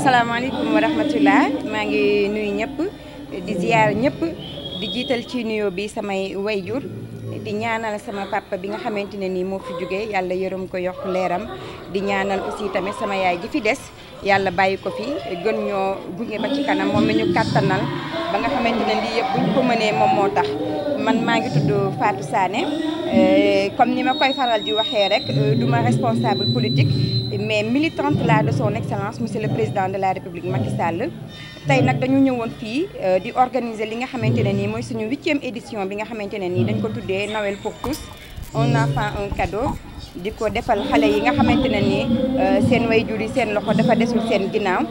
Assalamualaikum wa rahmatullah maa ngi nuy ñep di ziar ñep di jital ci nuyo bi samay wayjur di ñaanal sama papa bi nga xamantene ni ya fi jógee yalla yërëm ko yok leeram di ñaanal aussi tamé sama yaay ji fi dess yalla bàyyi ko fi gën ñoo gunge ba ci kanam mom la ñu kàttanal ba nga xamantene li yëpp buñ ko mënee mom moo man ma ngi tuddu Fatou Sané eh, comme ni ma koy faral di waxé rek eh, duma responsable politique mais militante la de son excellence monsieur le président de la république Macky Sall tey nag dañu ñëwoon fii euh, di organiser li nga xamante ne nii mooy suñu huitième édition bi nga xamante ne nii dañ ko tuddee Noël pour tous un enfant un cadeau di ko defal xale yi nga xamante ne nii euh, seen way jur yi seen loxo dafa desul seen ginnaaw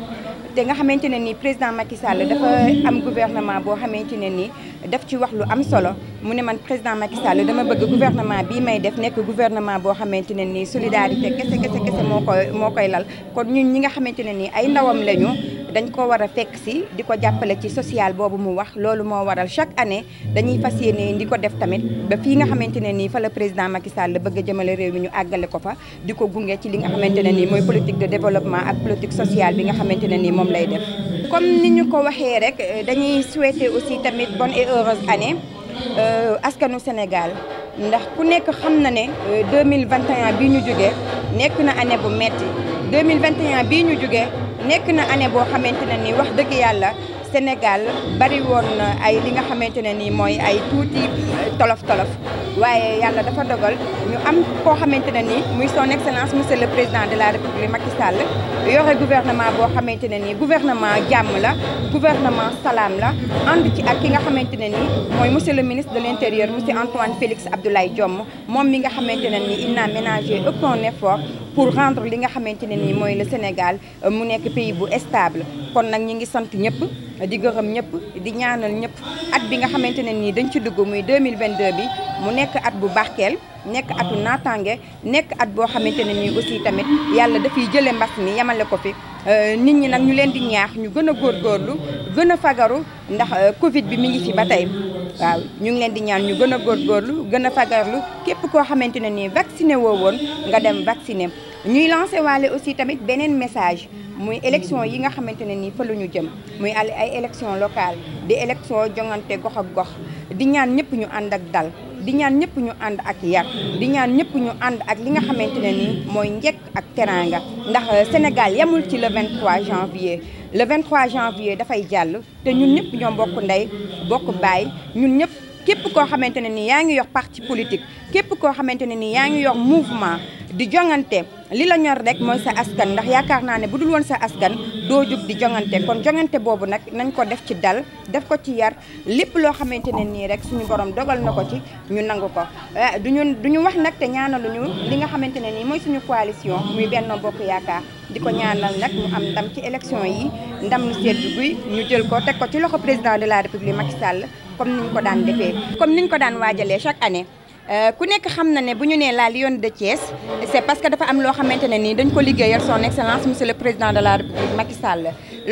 te nga xamante ne nii président Macky Sall dafa am gouvernement boo xamante ne nii daf ci wax lu am solo mu ne man président Macky Sall dama bëgg gouvernement bi may def nekk gouvernement boo xamante ne nii solidarité kese kese kese moo koy moo koy lal kon ñun ñi nga xamante ne nii ay ndawam lañu dañ ko war a fekk si di ko jàppale ci social boobu mu wax loolu moo waral chaque année dañuy fas yéene di ko def tamit ba fii nga xamante ne nii fa la président Macky Sall la bëgg a jëmale réew mi ñu àggale ko fa di ko gunge ci li nga xamante ne nii mooy politique de développement ak politique sociale bi nga xamante ne nii moom lay def. comme ni ñu ko waxee rek dañuy souhaiter aussi tamit bonne et heureuse euh, askanu Sénégal ndax ku nekk xam na ne 2021 euh, bii ñu jógee nekk na année bu metti 2021 bii ñu jógee. nekk na année boo xamante ne ni wax dëgg yàlla Sénégal bari woon na ay li nga xamante ne nii mooy ay tuuti tolof tolof waaye yàlla dafa dogal ñu am koo xamante ne nii muy son excellence monsieur le président de la république Macky Sall yore gouvernement boo xamante ne gouvernement jàmm la gouvernement salaam la ànd ci ak ki nga xamante ne nii monsieur le ministre de l'Intérieur, intérieur monsieur Antoine Félix Abdoulaye Diom. moom mi nga xamante ne nii il aucun effort pour rendre li nga xamante ne nii le Sénégal mu nekk pays bu stable kon nag ñi ngi sant ñëpp. di gërëm ñëpp di ñaanal ñëpp at bi nga xamante ne nii dañ ci dugg muy 2022 bi mu nekk at bu barkeel nekk atu naataange nekk at boo xamante ne nii aussi tamit yàlla dafay jële mbas mi yemale ko fi euh, nit ñi nag ñu leen di ñaax ñu gën a góorgóorlu gën a fagaru ndax euh, Covid bi mu ngi fi ba tey waaw ñu ngi leen di ñaan ñu gën a góorgóorlu gën fagarlu képp koo xamante ne nii vacciné woo woon nga dem vacciné ñuy lancé waale aussi tamit beneen message muy élection yi nga xamante ne nii fa la ñu jëm muy ay élection locale di élection jongante gox ak gox di ñaan ñëpp ñu ànd ak dal di ñaan ñëpp ñu ànd ak yar di ñaan ñëpp ñu ànd ak li nga xamante ne nii mooy njekk ak teraanga ndax Sénégal yamul ci le 23 janvier le 23 janvier dafay jàll te ñun ñëpp ñoo bokk ndey bokk baay ñun ñëpp képp koo xamante ne nii yaa ngi yor parti politique képp koo xamante ne nii yaa ngi yox mouvement di jongante li la ñor rek moy sa askan ndax yaakaar ne budul won sa askan do jug di jongante kon jongante bobu nak nañ ko def ci dal def ko ci yar lepp lo xamantene ni rek suñu borom dogal nako ci ñu nangu ko eh, duñu duñu wax nak te ñu li nga xamantene ni moy suñu coalition muy Benno Bokk di ñaanal nak mu am ndam ci election yi ndam lu sedd guy ñu jël ko tek ko ci loxo président de la république Macky Sall comme niñ ko daan defee comme niñ ko daan wajalé chaque année Euh, ku nekk xam na ne bu ñu nee la Lionne de Thiès c'est parce que dafa am loo xamante ne nii dañ ko liggéeyal son excellence monsieur le président de la république Macky Sall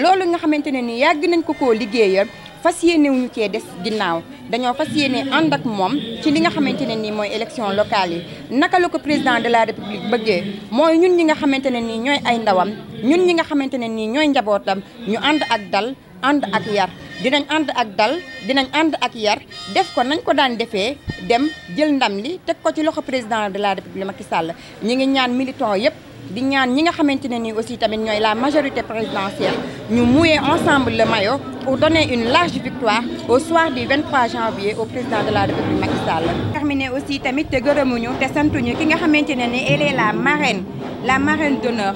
loolu nga xamante ne nii yàgg nañ ko koo liggéeyal fas yéene wuñu cee des ginnaaw dañoo fas yéene ànd ak moom ci li nga xamante ne nii mooy élection locale yi naka la ko président de la république bëggee mooy ñun ñi nga xamante ne nii ñooy ay ndawam ñun ñi nga xamante ne nii ñooy njabootam ñu ànd ak dal ànd ak yar dinañ and ak dal dinañ and ak yar def ko nañ ko daan defé dem jël ndam li teg ko ci loxo président de la république Macky Sall ñi ngi ñaan militant yépp di ñaan ñi nga xamante aussi tamit ñoy la majorité présidentielle ñu mouyé ensemble le maillot pour donner une large victoire au soir du 23 janvier au président de la République Macky Sall. terminé aussi tamit te gërëmuñu te santuñu ki nga xamante ni elle est la marraine la marraine d'honneur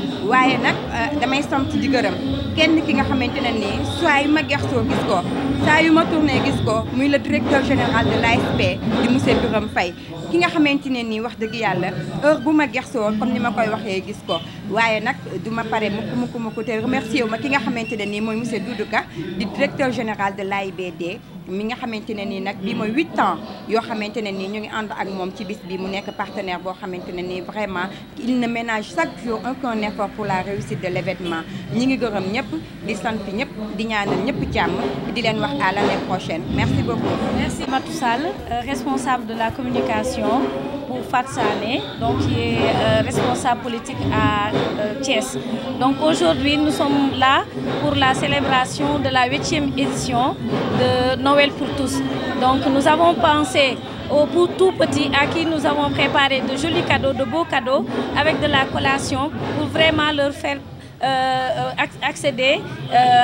waaye nag euh, damay sant di gërëm kenn ki nga xamante ne nii saa yu ma gersoo gis ko saa yu ma tourné gis ko muy le directeur général de l'ASP di monsieur Birame Faye ki nga xamante ne nii wax dëgg yàlla heure bu ma gersoo comme ni ma koy waxee gis ko waaye nag du ma pare mukk mukk mukk te remercier wu ma ki nga xamante ne nii mooy monsieur Doudou Ka di directeur général de l'AIBD mi nga xamante ne nii nag bii mooy huit ans yoo xamante ne nii ñu ngi ànd ak moom ci bis bi mu nekk partenaire boo xamante ne vraiment il ne ménage chaque jour aucun effort pour la réussite de l'événement. événement ñi ngi gërëm ñëpp di sant ñëpp di ñaanal ñëpp jàmm di leen wax à l'année prochaine merci beaucoup. merci Matou responsable de la communication pour Fatsane, donc qui est euh, responsable politique à euh, Donc aujourd'hui, nous sommes là pour la célébration de la 8e édition de Noël pour tous. Donc nous avons pensé aux tout petits à qui nous avons préparé de jolis cadeaux, de beaux cadeaux avec de la collation pour vraiment leur faire euh, euh, accéder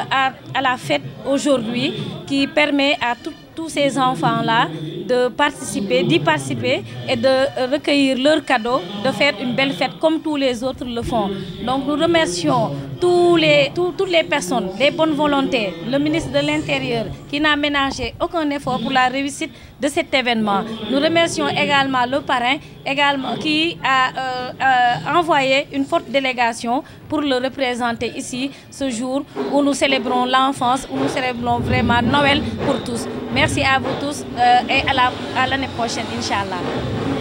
à, la fête aujourd'hui qui permet à toutes tous ces enfants-là de participer, d'y participer et de euh, recueillir leurs cadeaux, de faire une belle fête comme tous les autres le font. Donc nous remercions tous les, toutes les personnes, les bonnes volontés, le ministre de l'Intérieur qui n'a ménagé aucun effort pour la réussite de cet événement. Nous remercions également le parrain également, qui a euh, euh, envoyé une forte délégation pour le représenter ici ce jour où nous célébrons l'enfance, où nous célébrons vraiment Noël pour tous. Merci à vous tous euh, et à l'année prochaine, Inch'Allah.